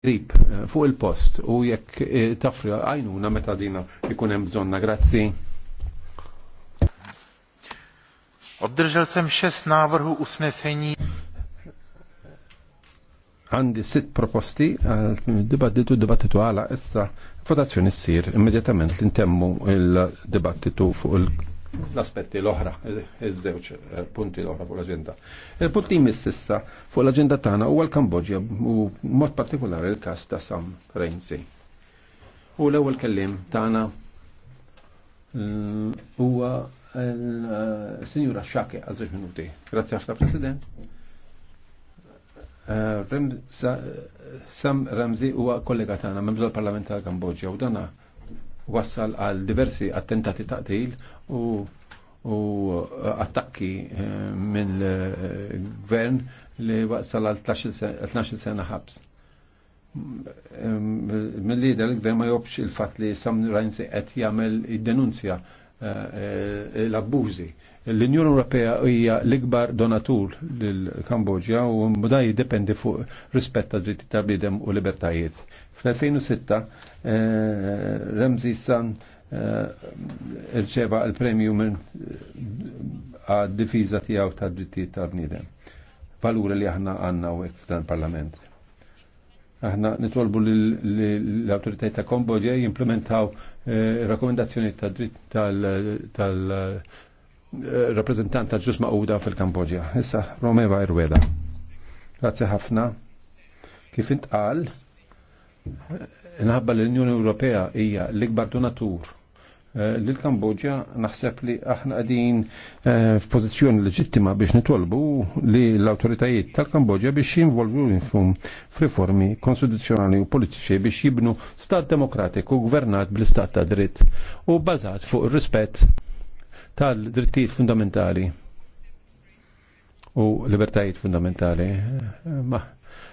qrib eh, fuq il-post u jekk eh, tafri għajnuna meta dina ikun hemm bżonna. Grazzi. Obdirġal Obdržel jsem šest návrhů usnesení. Għandi sitt proposti, għal eh, dibattitu dibattitu għala, issa votazzjoni s-sir immedjatament l-intemmu il-dibattitu fuq il l-aspetti l-oħra, iż-żewġ eh, punti l-oħra fuq l-agenda. Il-punt li jmiss issa fuq l-agenda tagħna huwa l-Kambodja u mod partikolari l-każ ta' Sam Rainsy. U l-ewwel kellim tagħna mm, huwa l-Sinjura Xake għal żewġ minuti. Grazzi ħafna President. Eh, Sam Ramzi huwa kollega tagħna membru tal-Parlament tal-Kambodja u dana wassal għal diversi attentati taqtil u u attakki eh, minn gvern li wassal għal 12 sena ħabs. Mm, eh, Mill-li dal-gvern ma jobx il-fat li Sam se qed jagħmel id-denunzja eh, l-abbużi. L-Unjoni Ewropea hija l-ikbar donatur lill-Kambodġja u mbudaj jiddependi fuq rispett tad dritti tal-bidem u libertajiet Fl-2006 Remzi San irċeva il-premju minn għad difiza tiegħu tad-drittijiet tal-bniedem. Valur li aħna għandna hawnhekk f'dan parlament. Aħna nitolbu l-autoritajiet ta' Kambodja jimplementaw rakkomendazzjoni ta' dritt tal-rappresentant ta' ġus ma'uda fil-Kambodja. Issa, Romeva Irweda. Grazie ħafna. Kif intqal, Nħabba l-Unjoni Ewropea hija l-ikbar donatur eh, Lil-Kambodġa naħseb li aħna għadin eh, f'pożizzjoni leġittima biex nitolbu li l-autoritajiet tal-Kambodġa biex jinvolvu l f'riformi konstituzzjonali u politiċi biex jibnu stat demokratiku gvernat bl-istat ta' dritt u bazat fuq rispett tal-drittijiet fundamentali u libertajiet fundamentali. Eh, ma'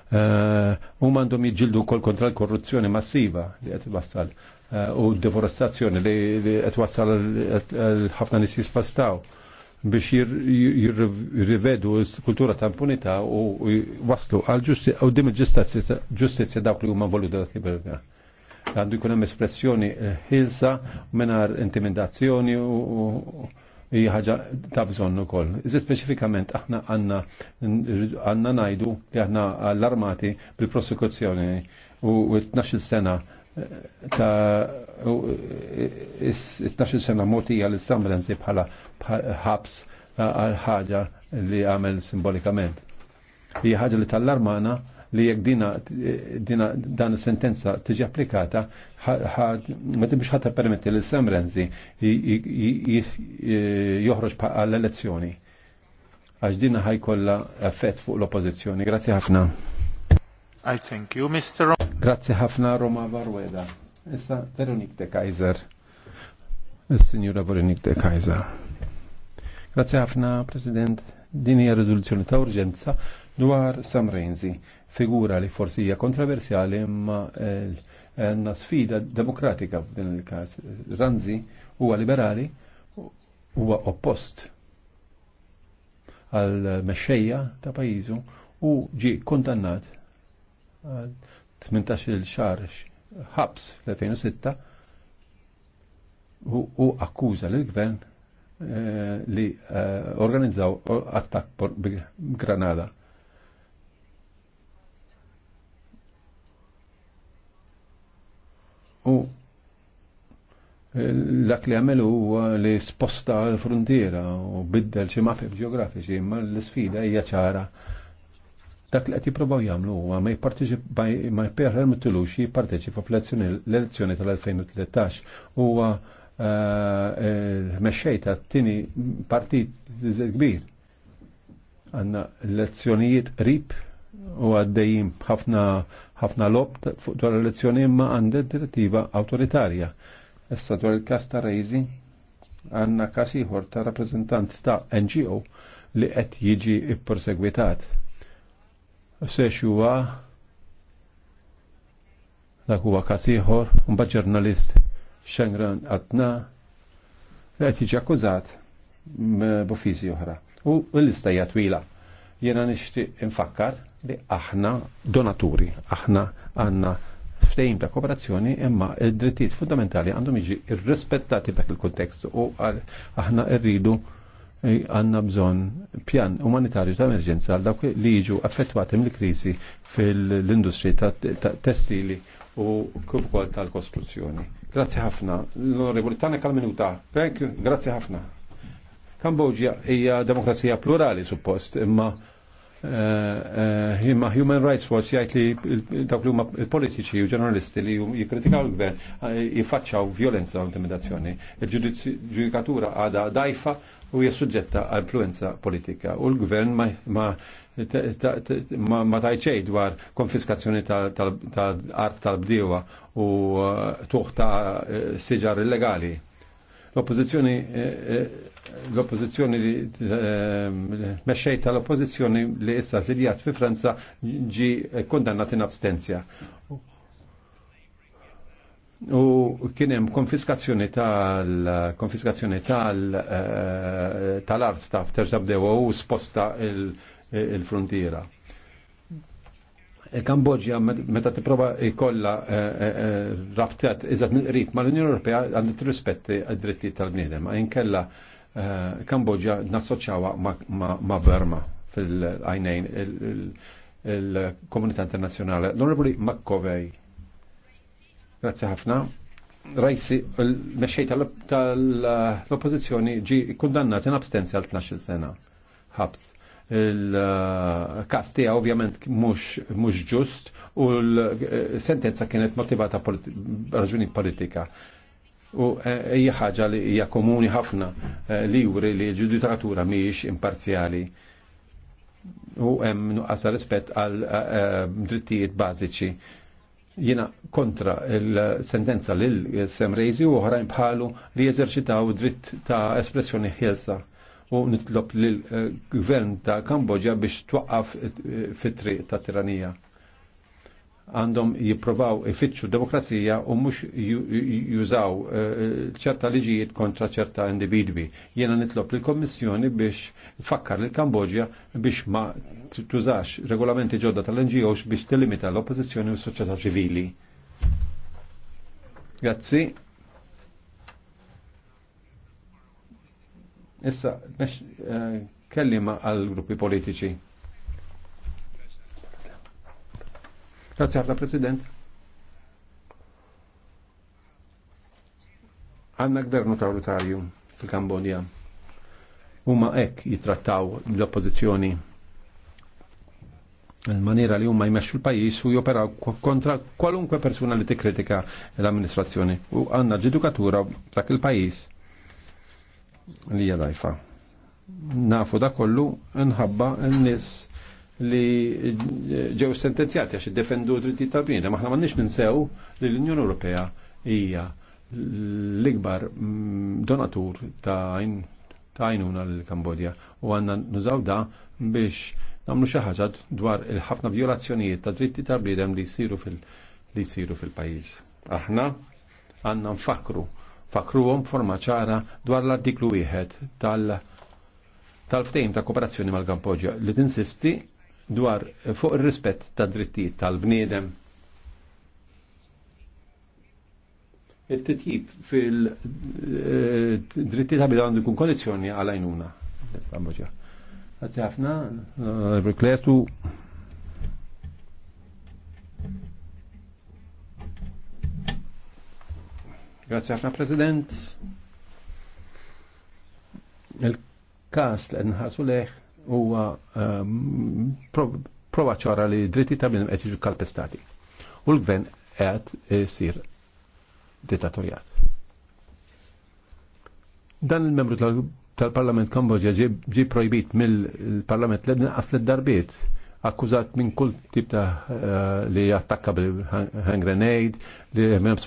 Eh, u mandom jġildu kol kontra l-korruzzjoni massiva li għet wassal eh, u deforestazzjoni li għet wassal l ħafna nis jispastaw biex jirrivedu l kultura ta' impunità u waslu għal ġustizja u dim il-ġustizja dawk li huma voluti dak libertà. Għandu jkun hemm espressjoni eh, ħilsa mingħajr intimidazzjoni u hija ħaġa ta' bżonn ukoll. Iżda speċifikament aħna għandna għandna ngħidu li aħna għall-armati bil-prosekuzzjoni u 12 sena eh, ta' 12 eh, sena motija l-Sambrenzi bħala ħabs eh, għal ħaġa li għamel simbolikament. Hija ħaġa li tal-armana li jekk dina, dina dan sentenza tiġi applikata ma tibbix ħatta permetti li Sam Renzi joħroġ għall elezzjoni għax dina ħajkolla effett fuq l-oppożizzjoni. Grazzi ħafna. I thank you, Mr. Grazzi ħafna Roma Varweda. Issa Veronik de Kaiser. Is-Sinjura Veronik de Kaiser. Grazzi ħafna, President. Dini hija riżoluzzjoni ta' urġenza dwar Sam Renzi figura li forsi hija kontroversjali imma eh, għandna sfida demokratika f'din il-każ. Ranzi huwa liberali huwa oppost għal mexxejja ta' pajjiżu u ġi kontannat għal 18 xahar ħabs fl-2006 u akkuża l-gvern eh, li eh, organizzaw attak Granada. U dak li għamelu huwa li sposta l-frontiera u biddel xi mappi ġeografiċi, imma l-sfida hija ċara. Dak li qed jippruvaw jagħmlu huwa ma ma mitilux jipparteċipa fl-elezzjoni tal-2013 huwa eh, mexxej tat-tieni partit kbir. Għandna elezzjonijiet RIP u għaddejjim ħafna ħafna lob fuq dwar elezzjoni imma għandha direttiva awtoritarja. Issa dwar il-kas ta' Rejzi għandna kas ieħor ta' rappreżentant ta' NGO li qed jiġi ippersegwitat. Sex huwa dak huwa kas ieħor mbagħad ġurnalist Xengran Atna li qed jiġi akkużat b'uffiżi oħra. U l-lista hija twila. Jiena nixtieq infakkar li aħna donaturi, aħna għanna ftejn ta' kooperazzjoni imma id-drittijiet fundamentali għandhom jiġi irrispettati f'dak il-kontekst u aħna rridu eh, għanna bżon pjan umanitarju ta' emerġenza għal dawk li jiġu affettwati mill krisi fil-industri ta' tessili u kubkol tal-kostruzzjoni. Grazzi ħafna. L-onorevoli Tanek kal minuta Grazzi ħafna. Kambodġja hija demokrazija plurali suppost, imma Eh, eh, imma Human Rights Watch jgħid li dawk li huma politiċi u ġurnalisti li jikkritikaw il-gvern eh, jiffaċċaw violenza u intimidazzjoni. Il-ġudikatura għada dajfa u hija suġġetta għal influenza politika. U l-gvern ma tajċej dwar konfiskazzjoni tal-art tal-bdiewa u tuħta siġar illegali. L-oppozizjoni eh, eh, l-oppozizjoni eh, meċċej tal-oppozizjoni li issa ziljat fi Franza ġi kondannat in abstenzja. U kien hemm konfiskazzjoni tal-konfiskazzjoni tal-art staff terġa' u sposta il-frontiera. Kambodġa meta tipprova jkollha eh, eh, eh, rabtat iżgħat mill-qrib mal-Unjoni Ewropea għandha tirrispetti d-drittijiet tal-bniedem. Inkella Kambodġa nassoċjawha ma' Burma fil-għajnejn il-komunità internazzjonali. L-Onorevoli McCovey. Grazzi ħafna. Rajsi, l-mexxej tal-oppożizzjoni ġi kundannat in abstenzja għal 12 sena ħabs il-kas tija ovvjament mhux ġust u l-sentenza kienet motivata raġuni politika. U eh, hija ħaġa li hija komuni ħafna eh, li juri li l-ġudikatura mhijiex imparzjali u hemm nuqqas rispett għal eh, drittijiet bażiċi jina kontra il-sentenza lil sem Rejzi u oħrajn bħalu li jeżerċitaw dritt ta' espressjoni ħielsa u nitlob l-gvern eh, ta' Kambodġa biex twaqqaf eh, fitri ta' tiranija. Għandhom jipprovaw ifittxu demokrazija u mux jużaw eh, ċerta liġijiet kontra ċerta individwi. Jena nitlob l-Kommissjoni biex fakkar l-Kambodġa biex ma tużax regolamenti ġodda tal-NGOs biex telimita l-oppozizjoni u s-soċjetà ċivili. Grazzi. Issa, mex eh, kellima għal gruppi politiċi. Grazie ħafna President. Għanna gvernu tawlutarju fil-Kambodja. Huma hekk jitrattaw l oppozizjoni il-maniera li huma jmexxu l-pajjiż u joperaw kontra kwalunkwe persuna li tikkritika l-amministrazzjoni u għandna ġedukatura dak il-pajjiż li hija dajfa. Nafu da kollu nħabba n-nis li ġew sentenzjati għax id-defendu dritti ta' Ma Aħna m'għandniex ninsew li l-Unjoni Ewropea hija l-ikbar mm, donatur ta' għajnuna l-Kambodja u għanna nużaw da biex namlu xaħġa dwar il-ħafna violazzjonijiet ta' dritti ta' bini li jisiru fil-pajjiż. Aħna għanna nfakru fakruhom forma ċara dwar l-artiklu wieħed tal- ftejm ta' kooperazzjoni mal-Kampoġġja li tinsisti dwar fuq ir-rispett ta' drittijiet tal-bniedem. Il-titjib fil-drittijiet eh, ta' bidan dikun kondizjoni għal-għajnuna. Għazzi ħafna, Rekletu. Grazie ħafna President. Il-kas li nħasu leħ huwa ehm, prova ċara li dritti ta' minn qed kalpestati. U l-gvern qed isir dittatorjat. Dan il-membru tal-Parlament Kambodġa ġi projbit mill-Parlament l-ebna aslet darbiet akkużat minn kull tip ta' eh, li attakka bil-hand grenade, li hemm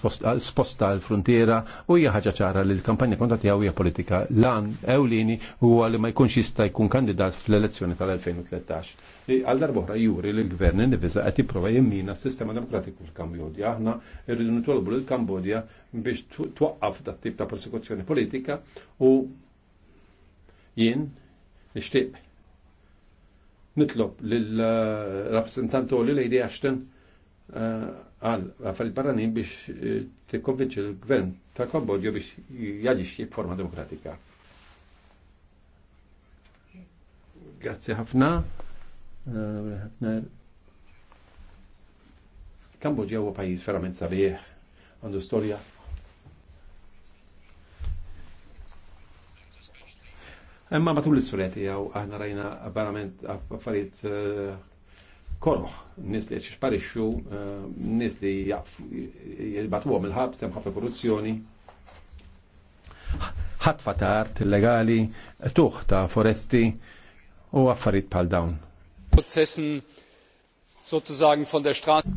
sposta l-frontiera u hija ħaġa ċara li l-kampanja kontra tiegħu hija politika. Lan Ewlini huwa li ma jkunx jista' jkun kandidat fl-elezzjoni tal-2013. Għal darbohra juri li l-gvern indiviża qed jipprova jimmina s-sistema demokratiku fil-Kambodja. Aħna rridu nitolbu lill-Kambodja biex twaqqaf dat tip ta' persekuzzjoni politika u jien nixtieq nitlob lill-rappresentantu li Lady Ashton eh, għal għaffariet barranin biex eh, tikkonvinċi l-gvern ta' Kambodja biex jaġixxi b'forma demokratika. Grazzi ħafna. Eh, Kambodja huwa pajjiż verament sabiħ, għandu storja Imma matul l-isfreti għaw aħna rajna apparament affarijiet eh, koroħ, nis li jxparixxu, eh, nis li jibatu għom il-ħabs, tem ħafna korruzzjoni. ħatfa ta' art illegali, tuħ ta' foresti u affarijiet pal dawn. Prozessen sozusagen von der Straße.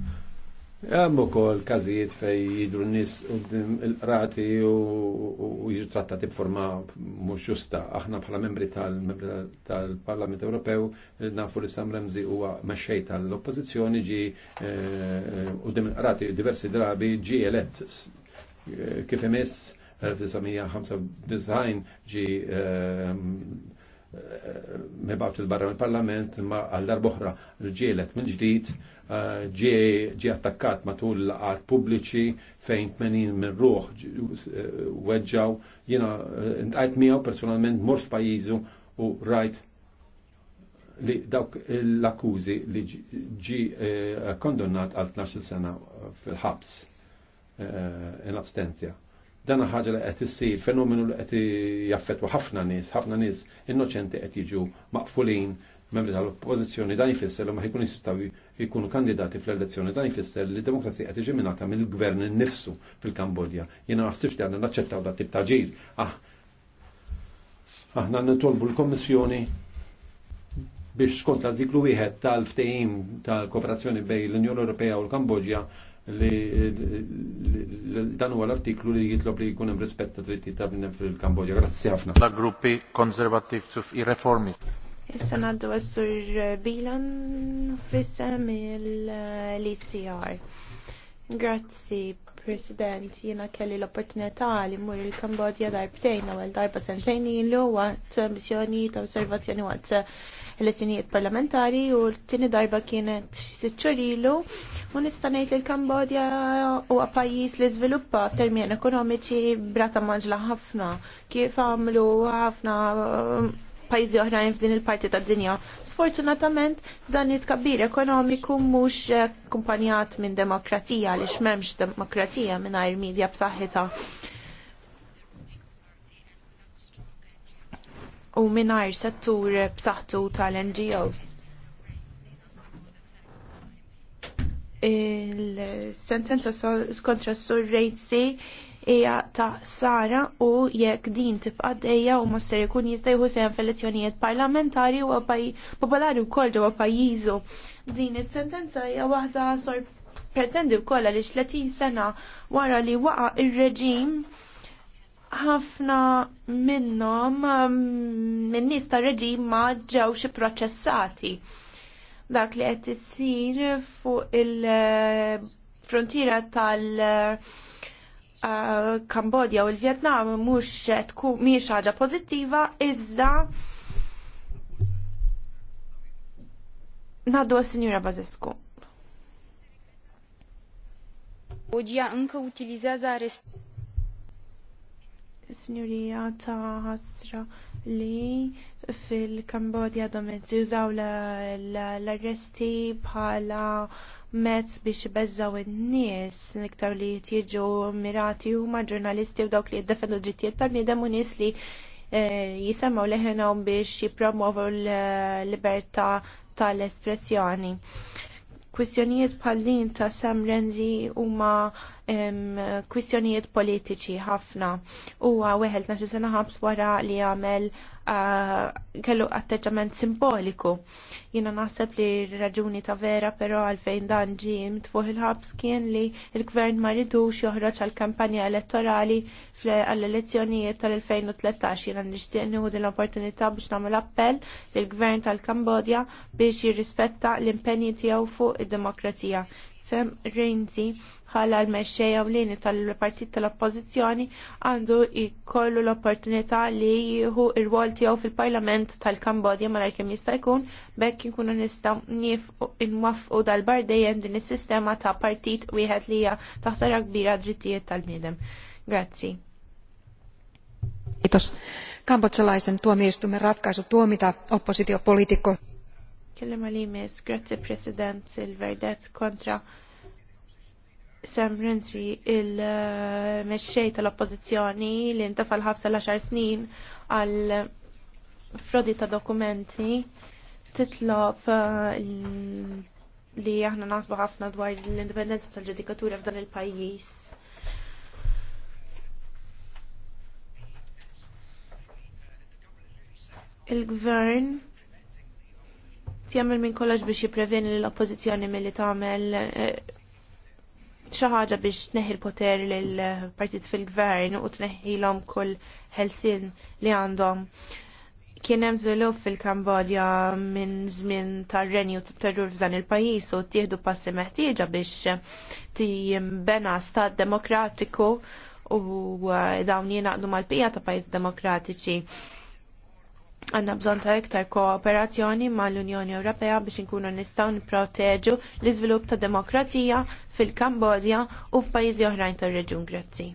Hemm ukoll każijiet fej jidru n-nies rati u jidru trattati b'forma mhux ġusta. Aħna bħala membri tal-Parlament Ewropew nafu li Sam Remzi huwa mexxej tal-oppożizzjoni ġi eh, u dim rati diversi drabi ġi elett kif emess 1995 ġi eh, eh, mebawt il-barra mill-parlament ma għal darboħra ġielet minn ġdid Eh, ġie attakkat matul l laqat pubbliċi fejn 80 minn ruħ eh, weġġaw jiena eh, ntqajt miegħu personalment mors f'pajjiżu u rajt li dawk l-akkużi li ġi kondonnat għal 12 sena fil-ħabs in abstenzja. Dan ħaġa li qed issir, fenomenu li qed jaffettwa ħafna nies, ħafna nies innoċenti qed jiġu maqfulin membri tal-oppożizzjoni dan jfisser li ma jkun jistgħu jkunu kandidati fl-elezzjoni dan jfisser li demokrazija qed tiġi minata mill-gvern innifsu fil-Kambodja. Jiena naħsibx li għandna naċċettaw dak tip ta' ġir. Ah, aħna nitolbu l-Kommissjoni biex skont l-artiklu wieħed tal-ftehim tal-kooperazzjoni bejn l-Unjoni Ewropea u l-Kambodja li dan huwa l-artiklu li jitlob li jkun hemm rispett ta' drittijiet tal fil-Kambodja. Grazzi ħafna. La gruppi i reformi. Issa naddu għassur bilan fissem il-ECR. Grazzi, President, jina kelli l-opportunità li mur il-Kambodja darbtejn għal darba sentejn ilu għat missjoni ta' osservazzjoni għat elezzjonijiet parlamentari u t tini darba kienet sitxur ilu u nistanejt li kambodja u għapajis li zviluppa f'termien ekonomiċi brata maġla ħafna kif għamlu ħafna pajjiżi oħrajn f'din il-parti ta' dinja Sfortunatament dan it-kabbir ekonomiku mhux kumpanjat minn demokrazija xmemx m'hemmx demokrazija mingħajr medja b'saħħita. U mingħajr settur b'saħħtu tal-NGOs. Il-sentenza skontra Sur Rejtsi hija ta' Sara u jekk din tibqa' dejja u ser ikun jista' sejn sehem f'elezzjonijiet parlamentari u popolari wkoll ġewwa pajjiżu. Din is-sentenza hija waħda sor pretendi wkoll li 30 sena wara li waqa' ir-reġim ħafna minnhom mm, minn nies tar-reġim ma ġewx ipproċessati. Dak li qed isir fuq il-frontiera tal- Kambodja u l vietnam mhux tkun mhix ħaġa pożittiva iżda Naddu għas-Sinjura Bazescu. Kambodja anke utilizzaza rest. Signorija ta' ħasra li fil-Kambodja domet jużaw l-arresti bħala mezz biex beżaw in-nies l-iktar li jiġu mirati huma ġurnalisti u dawk li jiddefendu d-drittijiet tal-niedem u nies li eh, jisemmaw leħenhom biex jippromovu l-libertà tal-espressjoni. Kwistjonijiet bħallin ta' Sam Renzi huma kwistjonijiet politiċi ħafna huwa weħel naxi sena ħabs wara li għamel kellu atteġġament simboliku. Jiena naħseb li raġuni ta' vera però għalfejn dan ġim tfuħ il-ħabs kien li il-gvern ma ridux joħroġ għal kampanja elettorali għall-elezzjonijiet tal-2013. Jiena nixtieq nieħu din l-opportunità biex nagħmel appell lill-gvern tal-Kambodja biex jirrispetta l-impenji tiegħu fuq id-demokrazija. Sam Renzi bħala l-mexxejja u tal-partit tal-oppożizzjoni għandu jkollu l-opportunità li jieħu r rwol tiegħu fil-Parlament tal-Kambodja malar kemm jista' jkun bekk inkunu nistgħu nwaffqu dal-bardejjem din is-sistema ta' partit wieħed li hija taħsara kbira drittijiet tal-bniedem. Grazzi. Kiitos. Kambodsalaisen tuomioistuimen ratkaisu tuomita oppositiopoliitikko. Kellem għalimis, grazie President, il-verdet kontra Sam Renzi il mesċej tal-oppożizzjoni li ntafa l l-10 snin għal frodi ta' dokumenti titlob eh, li aħna naħsbu ħafna dwar l-indipendenza tal-ġudikatura f'dan il-pajjiż. Il-gvern jagħmel minn kollox biex jippreveni l-oppożizzjoni milli tagħmel eh, xi ħaġa biex tneħi l-poter lil partit fil-gvern u tneħilhom kull ħelsien li għandhom. Kien hemm żvilupp fil-Kambodja minn żmien tar-renju tat-terrur f'dan il-pajjiż u tieħdu passi meħtieġa biex timbena stat demokratiku u eh, dawn jingħaqdu mal-pija ta' pajjiż demokratiċi Għanna bżon ta' iktar kooperazzjoni ma' l-Unjoni Ewropea biex inkunu nistgħu nipproteġu l-iżvilupp ta' demokrazija fil-Kambodja u f'pajjiżi oħrajn tar-reġun. Grazzi.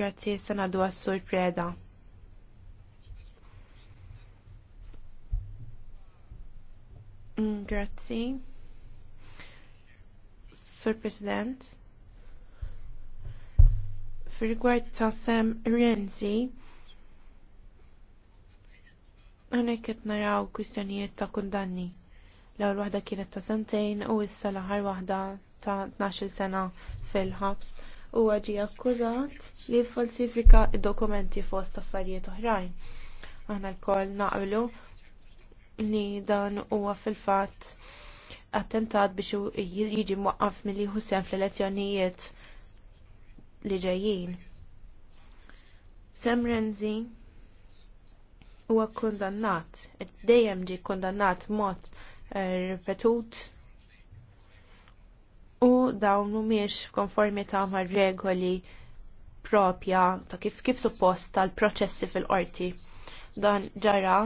Grazzi, sanadu għas-sur preda. Mm, grazzi. Sur President. Fir-rigward ta' Renzi, Għanek qed naraw kwistjonijiet ta' kundanni. L-ewwel waħda kienet ta' sentejn u issa l-aħħar waħda ta' 12 sena fil-ħabs u ġie akkużat li falsifika dokumenti fost affarijiet oħrajn. Aħna lkoll naqblu li dan huwa fil-fatt attentat biex jiġi mwaqqaf milli Hussein fl-elezzjonijiet li ġejjin. Sam Renzi huwa kkundannat, dejjem ġie kkundannat mod eh, ripetut u dawn mhumiex ta' mar regoli propja ta' kif kif suppost tal-proċessi fil-qorti. Dan ġara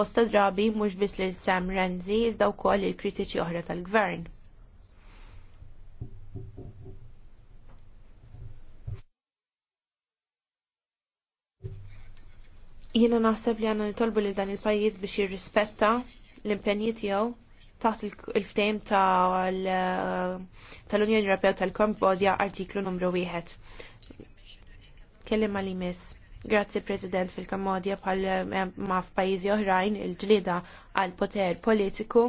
bosta drabi mhux biss lil Sam Renzi iżda wkoll il-kritiċi oħra tal-gvern. Jiena naħseb li għandna nitolbu li dan il-pajjiż biex jirrispetta l-impenji tiegħu taħt il-ftehim eh, tal-Unjoni Ewropea tal-Kambodja artiklu numru wieħed. Kellim li miss. Grazzi President fil-Kambodja bħal eh, ma' f'pajjiżi oħrajn il-ġlida għal poter politiku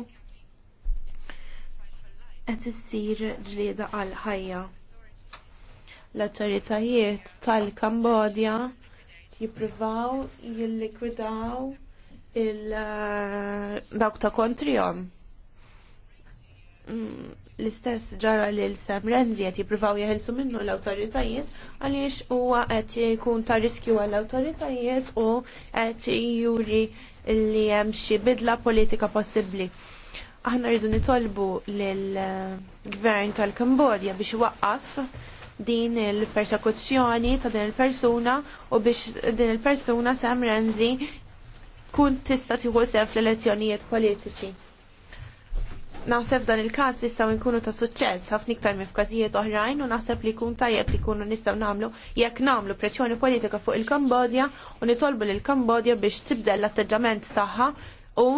qed issir ġlieda għal ħajja. L-awtoritajiet tal-Kambodja jippruvaw jillikwidaw il-dawk uh, ta' kontrihom. Mm, l-istess ġara li l sem Renzi qed jippruvaw jeħilsu minnu l-awtoritajiet għaliex huwa qed jikun ta' riskju għall-awtoritajiet u qed juri li hemm xi bidla politika possibbli aħna rridu nitolbu lill uh, gvern tal-Kambodja biex waqqaf din il-persekuzzjoni ta' din il-persuna u biex din il-persuna Sam Renzi kun tista' tieħu sef fl-elezzjonijiet politiċi. Naħseb dan il-każ jistgħu nkunu ta' suċċess ħafna iktar minn oħrajn u naħseb li jkun tajjeb li jkunu nistgħu nagħmlu jekk nagħmlu pressjoni politika fuq il-Kambodja u nitolbu lil Kambodja biex tibdel l-atteġġament tagħha u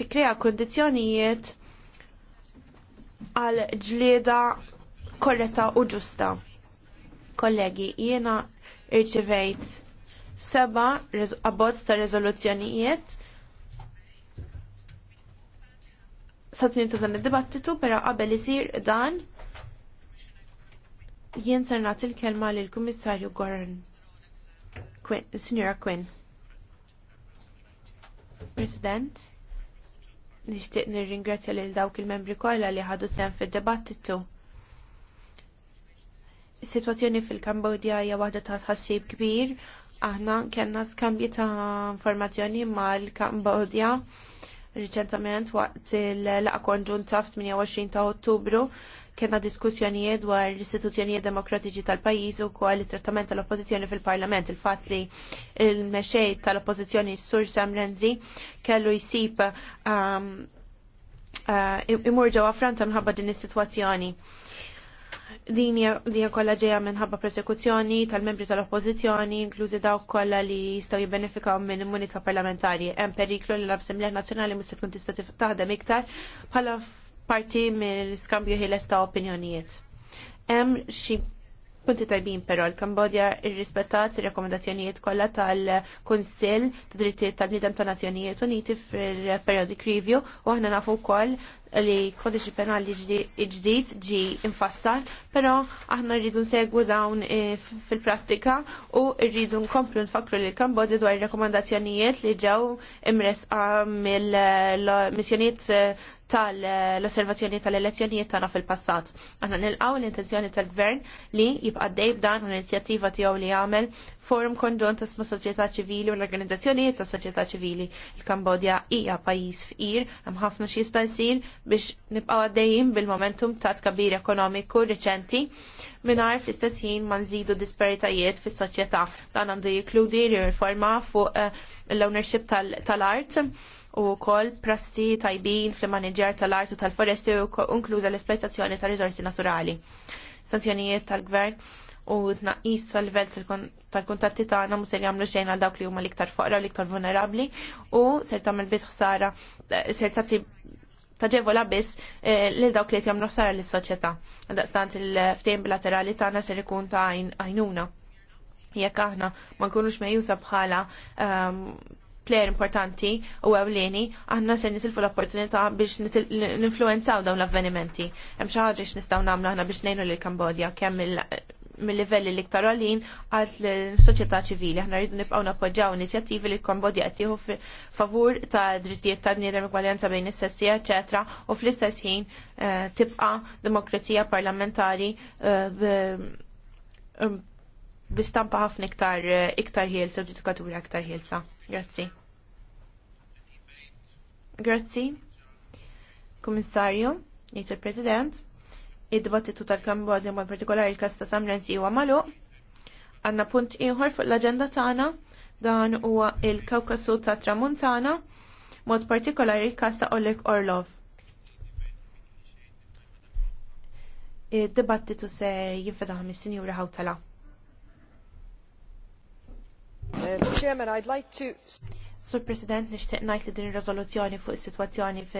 tikkrea kondizzjonijiet għal ġlieda korretta u ġusta. Kollegi, jiena irċivejt seba abbozz ta' rezoluzzjonijiet sa' tmim dan id-dibattitu, pera qabel isir dan jien ser nagħti l-kelma lil kummissarju Gorn Sinjura Signora Quinn. President, nixtieq nirringrazzja lil dawk il-membri kollha li ħadu sehem fid-dibattitu. Situazzjoni fil-Kambodja hija waħda ta' tħassib kbir. Aħna kellna skambji ta' informazzjoni mal-Kambodja riċentament waqt il-laqa konġunta f'28 ta' Ottubru kena diskussjonijiet dwar l-istituzzjonijiet demokratiċi tal-pajjiż u kol trattament tal-oppożizzjoni fil-Parlament. Il-fatt li il-mexej tal-oppożizzjoni Sur Sam Renzi kellu jsib um, uh, imur ġewwa Franza minħabba din is-sitwazzjoni din hija kollha ġejja minħabba persekuzzjoni tal-membri tal-oppożizzjoni, inklużi dawk kollha li jistgħu jibbenefikaw minn immunità parlamentari. Hemm periklu li l-Assembleja Nazzjonali mhux tkun tista' taħdem iktar bħala parti mill iskambju ħieles ta' opinjonijiet. Hemm xi Punti tajbin però l-Kambodja irrispettat ir-rekomendazzjonijiet kollha tal-Kunsill ta' Drittijiet tal-Bniedem ta' Nazzjonijiet Uniti fil-Periodic Review u aħna nafu wkoll li kodiċi penali ġdid ġi infassar, però aħna rridu nsegwu dawn eh, fil-prattika u rridu nkomplu nfakru li l-Kambodja dwar il rekomendazzjonijiet li ġew imresqa mill-missjonijiet eh, tal-osservazzjoni tal-elezzjonijiet tagħna fil-passat. Aħna nilqgħu l-intenzjoni tal-Gvern li jibqa' dejb dan u l-inizjattiva tiegħu li jagħmel forum konġunt isma' soċjetà ċivili u l-organizzazzjonijiet tas soċjetà ċivili. Il-Kambodja hija pajjiż fqir, hemm ħafna xi jista' jsir biex nibqgħu għaddejjin bil-momentum ta' tkabbir ekonomiku riċenti mingħajr fl-istess ħin ma nżidu disparitajiet fis-soċjetà. Dan għandu jikkludi riforma fuq eh, l-ownership tal-art. tal art u kol prassi tajbin fl-manager tal-artu tal-foresti u inkluża l-esploitazzjoni ta' riżorsi naturali. Sanzjonijiet tal-gvern u tnaqqis tal-livell tal-kuntatti tagħna mhux jagħmlu xejn għal dawk li huma l-iktar foqra u l-iktar vulnerabbli u ser tagħmel biss ħsara eh, ser tagħti taġevola biss eh, lil dawk li jagħmlu ħsara lis-soċjetà. Daqstant il-ftehim bilaterali tagħna ser ikun ta' għajnuna. Jekk aħna ma nkunux mejjusa bħala ehm, plejer importanti u ewleni, aħna se nitilfu l-opportunità biex ninfluenzaw dawn l-avvenimenti. Hemm xi ħaġa x'nistgħu nagħmlu aħna biex ngħinu lil Kambodja kemm mill-livelli li iktar għalin għal l-soċjetà ċivili. Aħna rridu nibqgħu nappoġġjaw inizjattivi li l-Kambodja qed tieħu favur ta' drittijiet ta' bniedem igwaljanza bejn is-sessi, eċetera, u fl-istess ħin eh, tibqa' demokrazija parlamentari eh, eh, bistampa ħafna iktar iktar ħielsa, ġudikatura iktar ħielsa. Grazzi. Grazzi. Kommissarju, jiet il-President, id-dibattitu tal-Kambu għaddim għal partikolari il-kas Samrenzi huwa magħluq. għanna punt ieħor fuq l-aġenda tagħna dan huwa il-Kawkasu ta' Tramuntana, mod partikolari il kasta ta' Oleg Orlov. id-dibattitu se jinfetaħ mis-Sinjura Hawtala. Uh, Chairman, I'd like to... Sur President, nixtieq ngħid li din ir-riżoluzzjoni fuq is-sitwazzjoni